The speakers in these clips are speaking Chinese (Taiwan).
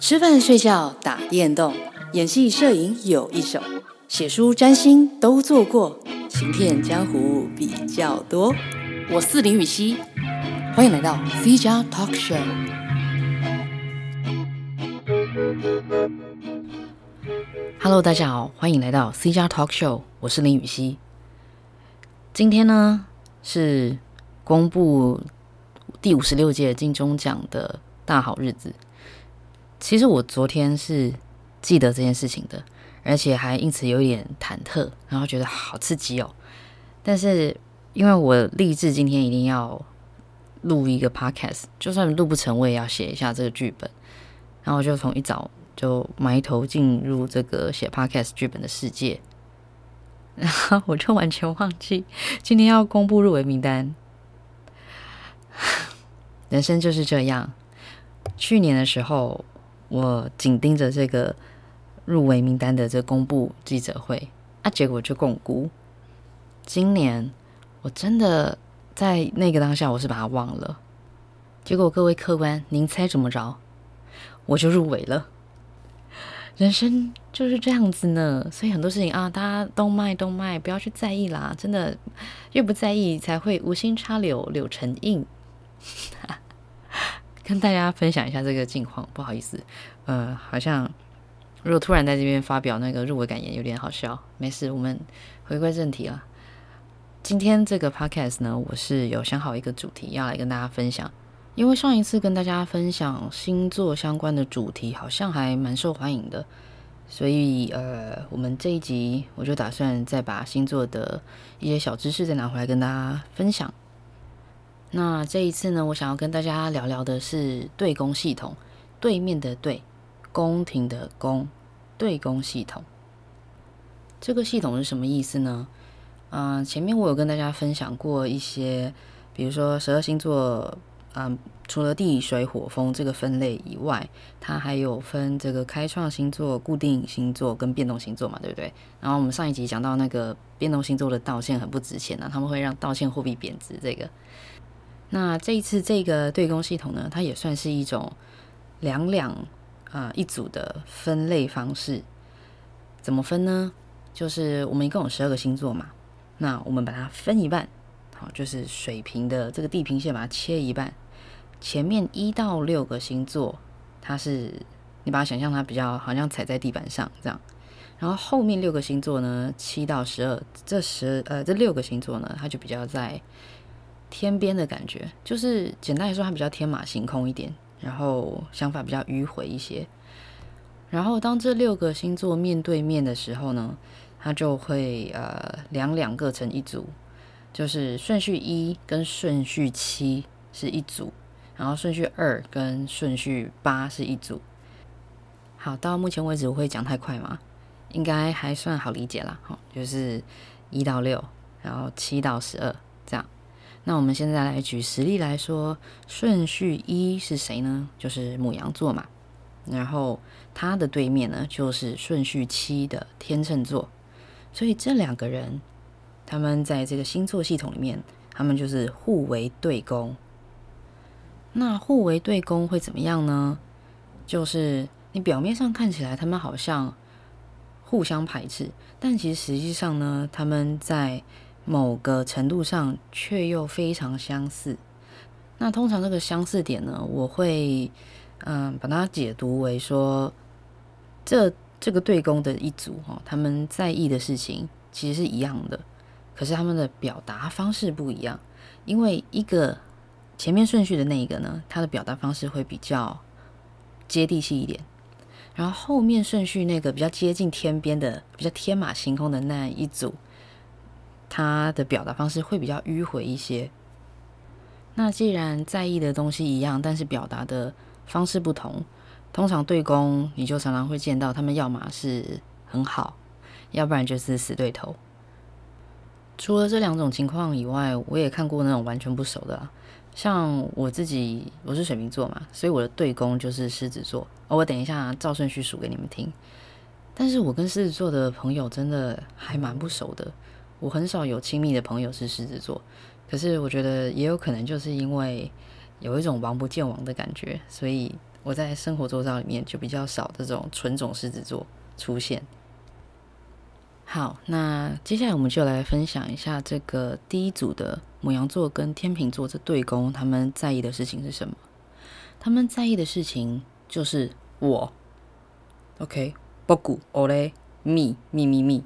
吃飯、睡覺、打電動、演戲、攝影有一手，寫書、占星都做過，行騙江湖比較多。我是林雨熙，歡迎來到 C 加 Talk Show。Hello，大家好，歡迎來到 C 加 Talk Show，我是林雨熙。今天呢是公布第五十六屆金鐘獎的大好日子。其實我昨天是記得這件事情的，而且還因此有點忐忑，然後覺得好刺激哦。但是因為我立志今天一定要錄一個 podcast，就算錄不成，我也要寫一下這個劇本。然後我就從一早就埋頭進入這個寫 podcast 劇本的世界，然 後我就完全忘記今天要公布入圍名單。 人生就是這樣。去年的時候。我緊盯着這個入圍名單的這公布記者會啊，結果就摃龜。今年我真的在那個當下，我是把它忘了。結果各位客官，您猜怎麼着？我就入圍了。人生就是這樣子呢，所以很多事情啊，大家 don't mind, don't mind，不要去在意啦。真的，越不在意才會無心插柳柳成蔭。 跟大家分享一下這個近況，不好意思，呃，好像如果突然在這邊發表那個入圍感言，有點好笑。沒事，我們回歸正題了。今天這個 podcast 呢，我是有想好一個主題要來跟大家分享，因為上一次跟大家分享星座相關的主題，好像還蠻受歡迎的，所以呃，我們這一集我就打算再把星座的一些小知識再拿回來跟大家分享。那這一次呢，我想要跟大家聊聊的是對宮系統，對面的對，宮廷的宮，對宮系統。這個系統是什麼意思呢？嗯、呃，前面我有跟大家分享過一些，比如說十二星座，嗯、呃，除了地水火風這個分類以外，它還有分這個開創星座、固定星座跟變動星座嘛，對不對？然後我們上一集講到那個變動星座的道歉很不值錢啊，他們會讓道歉貨幣貶值，這個。那這一次這個對宮系統呢，它也算是一種兩兩呃一組的分類方式。怎麼分呢？就是我們一共有十二個星座嘛，那我們把它分一半，好，就是水平的這個地平線把它切一半，前面一到六個星座，它是你把它想象它比較好像踩在地板上這樣，然後後面六個星座呢，七到十二這十呃這六個星座呢，它就比較在。天邊的感覺，就是簡單來說，它比較天馬行空一點，然後想法比較迂回一些。然後當這六個星座面對面的時候呢，它就會呃兩兩個成一組，就是順序一跟順序七是一組，然後順序二跟順序八是一組。好，到目前為止我會講太快嗎？應該還算好理解啦。好，就是一到六，然後七到十二。那我們現在來舉實例來說，順序一是誰呢？就是牡羊座嘛。然後它的對面呢，就是順序七的天秤座。所以這兩個人，他們在這個星座系統裡面，他們就是互為對宮。那互為對宮會怎麼樣呢？就是你表面上看起來他們好像互相排斥，但其實實際上呢，他們在某個程度上卻又非常相似。那通常這個相似點呢，我會嗯把它解讀為說，這這個對宮的一組哈、哦，他們在意的事情其實是一樣的，可是他們的表達方式不一樣。因為一個前面順序的那一個呢，他的表達方式會比較接地氣一點，然後後面順序那個比較接近天邊的、比較天馬行空的那一組。他的表達方式會比較迂迴一些。那既然在意的東西一樣，但是表達的方式不同，通常對宮你就常常會見到他們，要麼是很好，要不然就是死對頭。除了這兩種情況以外，我也看過那種完全不熟的啊，像我自己，我是水瓶座嘛，所以我的對宮就是獅子座。哦，我等一下照順序數給你們聽。但是我跟獅子座的朋友真的還蠻不熟的。我很少有親密的朋友是獅子座，可是我覺得也有可能就是因為有一種王不見王的感覺，所以我在生活周遭裡面就比較少這種純種獅子座出現。好，那接下來我們就來分享一下這個第一組的牡羊座跟天秤座這對宮，他們在意的事情是什麼？他們在意的事情就是我。OK，僕故，我嘞，me，me，me，me。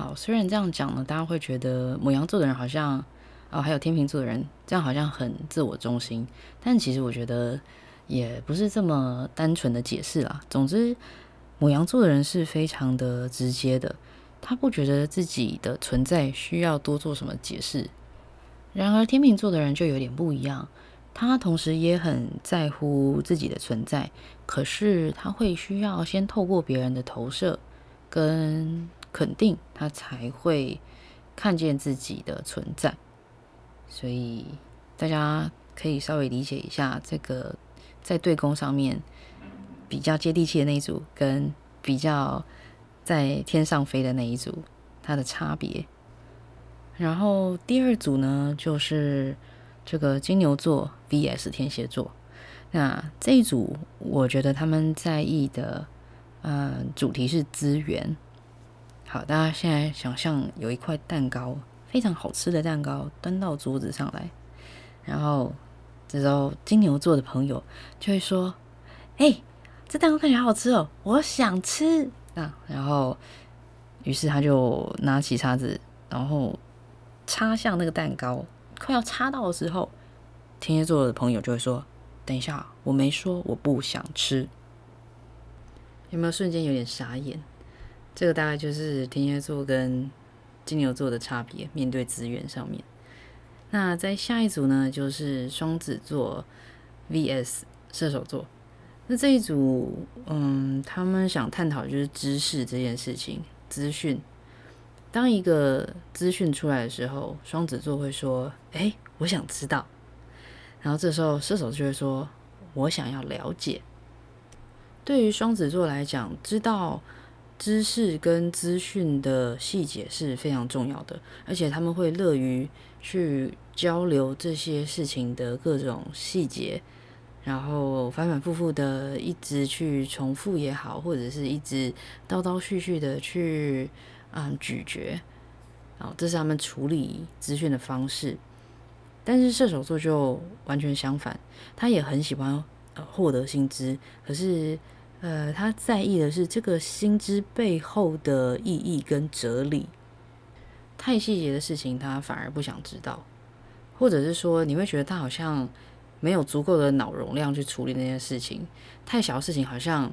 好，雖然這樣講呢，大家會覺得牡羊座的人好像，哦，還有天秤座的人，這樣好像很自我中心。但其實我覺得也不是這麼單純的解釋啦。總之，牡羊座的人是非常的直接的，他不覺得自己的存在需要多做什麼解釋。然而，天秤座的人就有點不一樣，他同時也很在乎自己的存在，可是他會需要先透過別人的投射跟肯定他才會看見自己的存在，所以大家可以稍微理解一下這個在對宮上面比較接地氣的那一組，跟比較在天上飛的那一組它的差別。然後第二組呢，就是這個金牛座 VS 天蠍座。那這一組，我覺得他們在意的、呃，嗯，主題是資源。好，大家現在想象有一塊蛋糕，非常好吃的蛋糕，端到桌子上來。然後這時候金牛座的朋友就會說：“哎、欸，這蛋糕看起來好好吃哦、喔，我想吃。”啊，然後，於是他就拿起叉子，然後插向那個蛋糕。快要插到的時候，天蠍座的朋友就會說：“等一下，我沒說我不想吃。”有沒有瞬間有點傻眼？這個大概就是天蠍座跟金牛座的差別，面對資源上面。那在下一組呢，就是雙子座 VS 射手座。那這一組，嗯，他們想探討就是知識這件事情，資訊。當一個資訊出來的時候，雙子座會說：“誒，我想知道。”然後這時候射手就會說：“我想要了解。”對於雙子座來講，知道。知識跟資訊的細節是非常重要的，而且他們會樂於去交流這些事情的各種細節，然後反反复复的一直去重複也好，或者是一直叨叨絮絮的去嗯咀嚼。好，這是他們處理資訊的方式。但是射手座就完全相反，他也很喜歡呃獲得新知，可是。呃，他在意的是這個心知背後的意義跟哲理，太細節的事情他反而不想知道，或者是說你會覺得他好像沒有足夠的腦容量去處理那些事情，太小的事情好像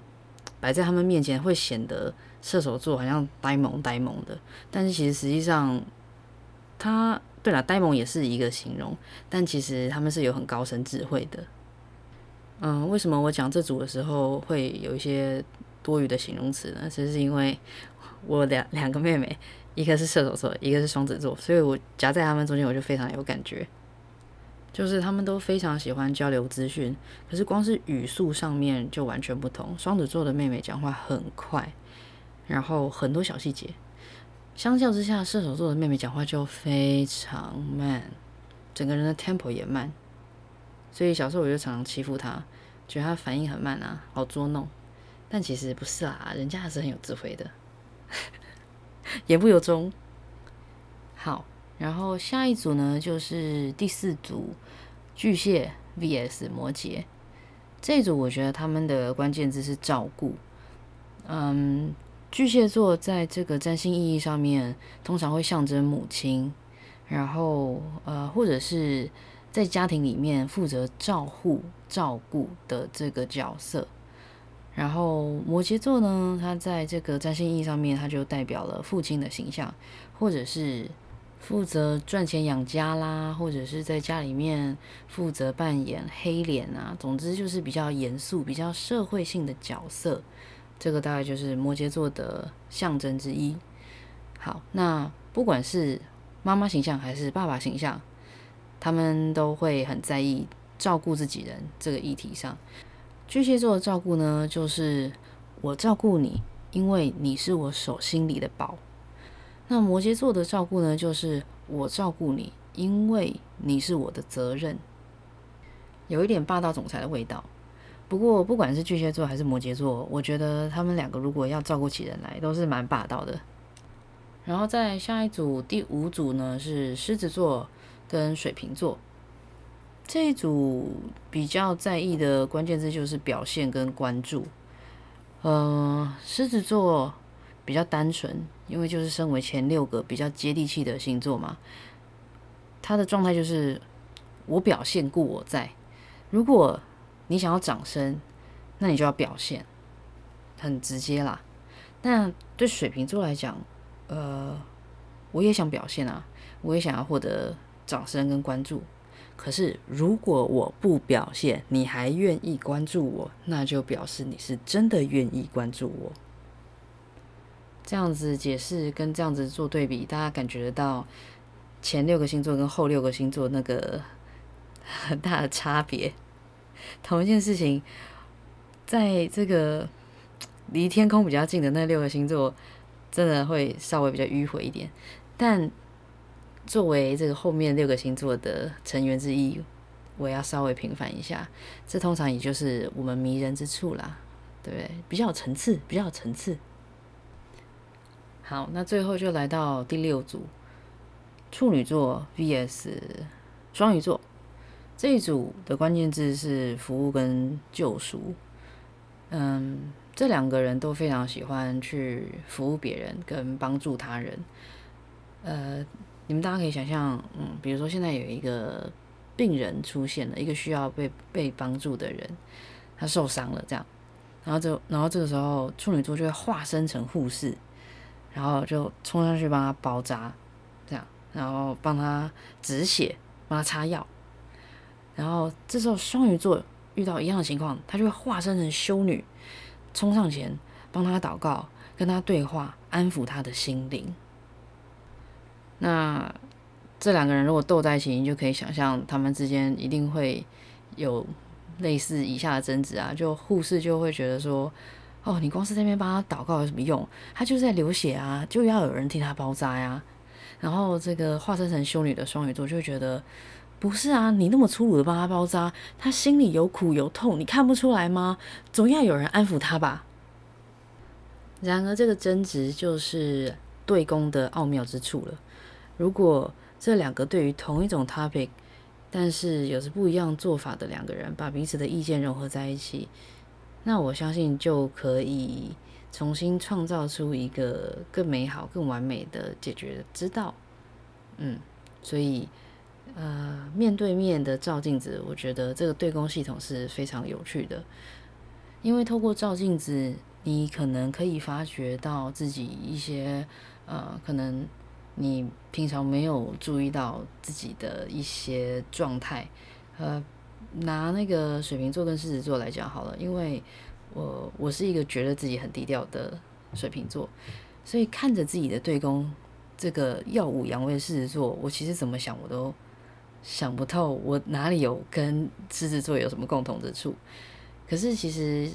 擺在他們面前會顯得射手座好像呆萌呆萌的，但是其實實際上他，他對了，呆萌也是一個形容，但其實他們是有很高深智慧的。嗯，為什麼我講這組的時候會有一些多餘的形容詞呢？其實是因為我兩兩個妹妹，一個是射手座，一個是雙子座，所以我夾在他們中間，我就非常有感覺。就是他們都非常喜歡交流資訊，可是光是語速上面就完全不同。雙子座的妹妹講話很快，然後很多小細節；相較之下，射手座的妹妹講話就非常慢，整個人的 tempo 也慢。所以小時候我就常常欺負他，覺得他反應很慢啊，好捉弄。但其實不是啊，人家還是很有智慧的， 言不由衷。好，然後下一組呢，就是第四組巨蟹 VS 摩羯。這一組我覺得他們的關鍵字是照顧。嗯，巨蟹座在這個占星意義上面，通常會象徵母親，然後呃或者是。在家庭裡面負責照護、照顧的這個角色，然後摩羯座呢，它在這個占星意義上面，它就代表了父親的形象，或者是負責賺錢養家啦，或者是在家裡面負責扮演黑臉啊，總之就是比較嚴肅、比較社會性的角色。這個大概就是摩羯座的象徵之一。好，那不管是媽媽形象還是爸爸形象。他們都會很在意照顧自己人這個議題上。巨蟹座的照顧呢，就是我照顧你，因為你是我手心裡的寶。那摩羯座的照顧呢，就是我照顧你，因為你是我的責任，有一點霸道總裁的味道。不過，不管是巨蟹座還是摩羯座，我覺得他們兩個如果要照顧起人來，都是蠻霸道的。然後在下一組第五組呢，是獅子座。跟水瓶座這一組比較在意的關鍵字就是表現跟關注。嗯、呃，獅子座比較單純，因為就是身為前六個比較接地氣的星座嘛，他的狀態就是我表現故我在。如果你想要掌聲，那你就要表現，很直接啦。那對水瓶座來講，呃，我也想表現啊，我也想要獲得。掌聲跟關注，可是如果我不表現，你還願意關注我，那就表示你是真的願意關注我。這樣子解釋跟這樣子做對比，大家感覺得到前六個星座跟後六個星座那個很大的差別。同一件事情，在這個離天空比較近的那六個星座，真的會稍微比較迂回一點，但。作為這個後面六個星座的成員之一，我也要稍微平反一下，這通常也就是我們迷人之處啦，對不對？比較有層次，比較有層次。好，那最後就來到第六組，處女座 vs 雙魚座。這一組的關鍵字是服務跟救贖。嗯，這兩個人都非常喜歡去服務別人跟幫助他人，呃。你們大家可以想象，嗯，比如說現在有一個病人出現了，一個需要被被幫助的人，他受傷了，這樣，然後就，然後這個時候處女座就會化身成護士，然後就衝上去幫他包紮，這樣，然後幫他止血，幫他擦藥，然後這時候雙魚座遇到一樣的情況，他就會化身成修女，衝上前幫他禱告，跟他對話，安撫他的心靈。那這兩個人如果鬥在一起，你就可以想象他們之間一定會有類似以下的爭執啊。就護士就會覺得說：“哦，你光是在那邊幫他禱告有什麼用？他就在流血啊，就要有人替他包紮呀。”然後這個化身成修女的雙魚座就會覺得：“不是啊，你那麼粗魯的幫他包紮，他心裡有苦有痛，你看不出來嗎？總要有人安撫他吧。”然而，這個爭執就是對宮的奧妙之處了。如果這兩個對於同一種 topic，但是有着不一樣做法的兩個人，把彼此的意見融合在一起，那我相信就可以重新創造出一個更美好、更完美的解決之道。嗯，所以呃，面對面的照鏡子，我覺得這個對宮系統是非常有趣的，因為透過照鏡子，你可能可以發掘到自己一些呃，可能。你平常沒有注意到自己的一些狀態，呃，拿那個水瓶座跟獅子座來講好了，因為我我是一個覺得自己很低調的水瓶座，所以看着自己的對宮這個耀武揚威的獅子座，我其實怎麼想我都想不透，我哪裡有跟獅子座有什麼共同之處？可是其實，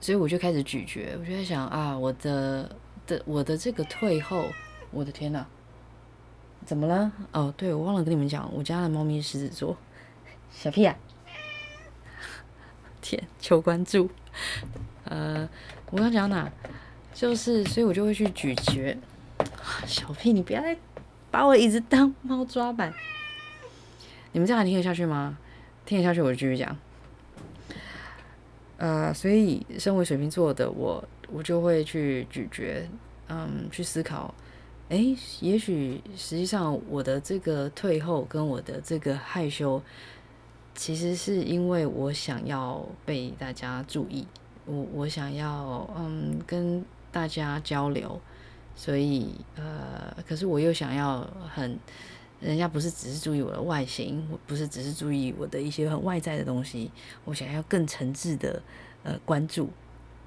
所以我就開始咀嚼，我就在想啊，我的的我的這個退後，我的天哪！怎麼了？哦，對，我忘了跟你們講，我家的貓咪是獅子座，小屁啊！天，求關注。呃，我剛講哪？就是，所以我就會去咀嚼。哦，小屁，你不要再把我椅子當貓抓板。你們這樣還聽得下去嗎？聽得下去我就繼續講。呃，所以身為水瓶座的我，我就會去咀嚼，嗯，去思考。哎、欸，也許實際上我的這個退後跟我的這個害羞，其實是因為我想要被大家注意，我我想要嗯跟大家交流，所以呃，可是我又想要很，人家不是只是注意我的外形，我不是只是注意我的一些很外在的東西，我想要更誠摯的呃關注，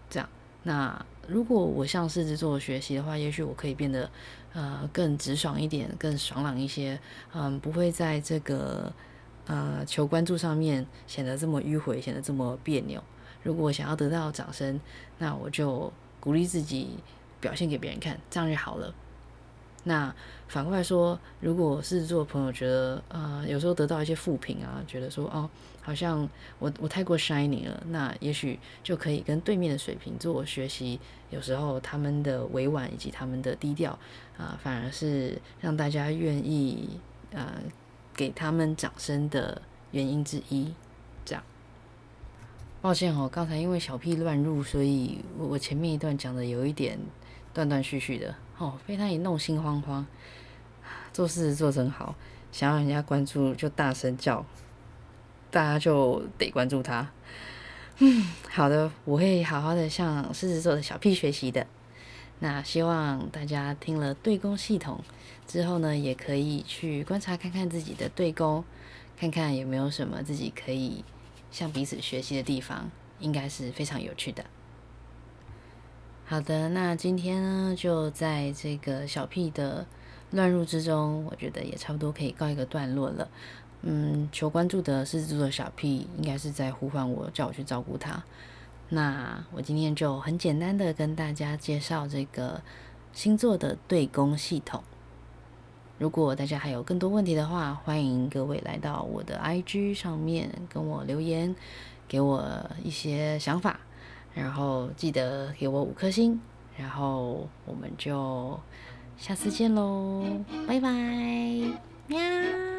這樣那。如果我向獅子座學習的話，也許我可以變得，呃，更直爽一點，更爽朗一些，嗯，不會在這個，呃，求關注上面顯得這麼迂回，顯得這麼別扭。如果我想要得到掌聲，那我就鼓勵自己，表現給別人看，這樣就好了。那反過來說，如果獅子座朋友覺得，呃，有時候得到一些負評啊，覺得說，哦，好像我我太過 shiny 了，那也許就可以跟對面的水瓶座學習，有時候他們的委婉以及他們的低調，啊、呃，反而是讓大家願意呃給他們掌聲的原因之一。這樣，抱歉哦，剛才因為小屁亂入，所以我我前面一段講的有一點。斷斷續續的，哦，被他一弄心慌慌。做事做真好，想要人家關注就大聲叫，大家就得關注他。嗯，好的，我會好好的向獅子座的小 P 學習的。那希望大家聽了對宮系統之後呢，也可以去觀察看看自己的對宮，看看有沒有什麼自己可以向彼此學習的地方，應該是非常有趣的。好的，那今天呢，就在這個小 P 的亂入之中，我覺得也差不多可以告一個段落了。嗯，求關注的獅子座小 P，應該是在呼喚我，叫我去照顧他。那我今天就很簡單的跟大家介紹這個星座的對宮系統。如果大家還有更多問題的話，歡迎各位來到我的 IG 上面跟我留言，給我一些想法。然後記得給我五顆星，然後我們就下次見嘍，拜拜，喵。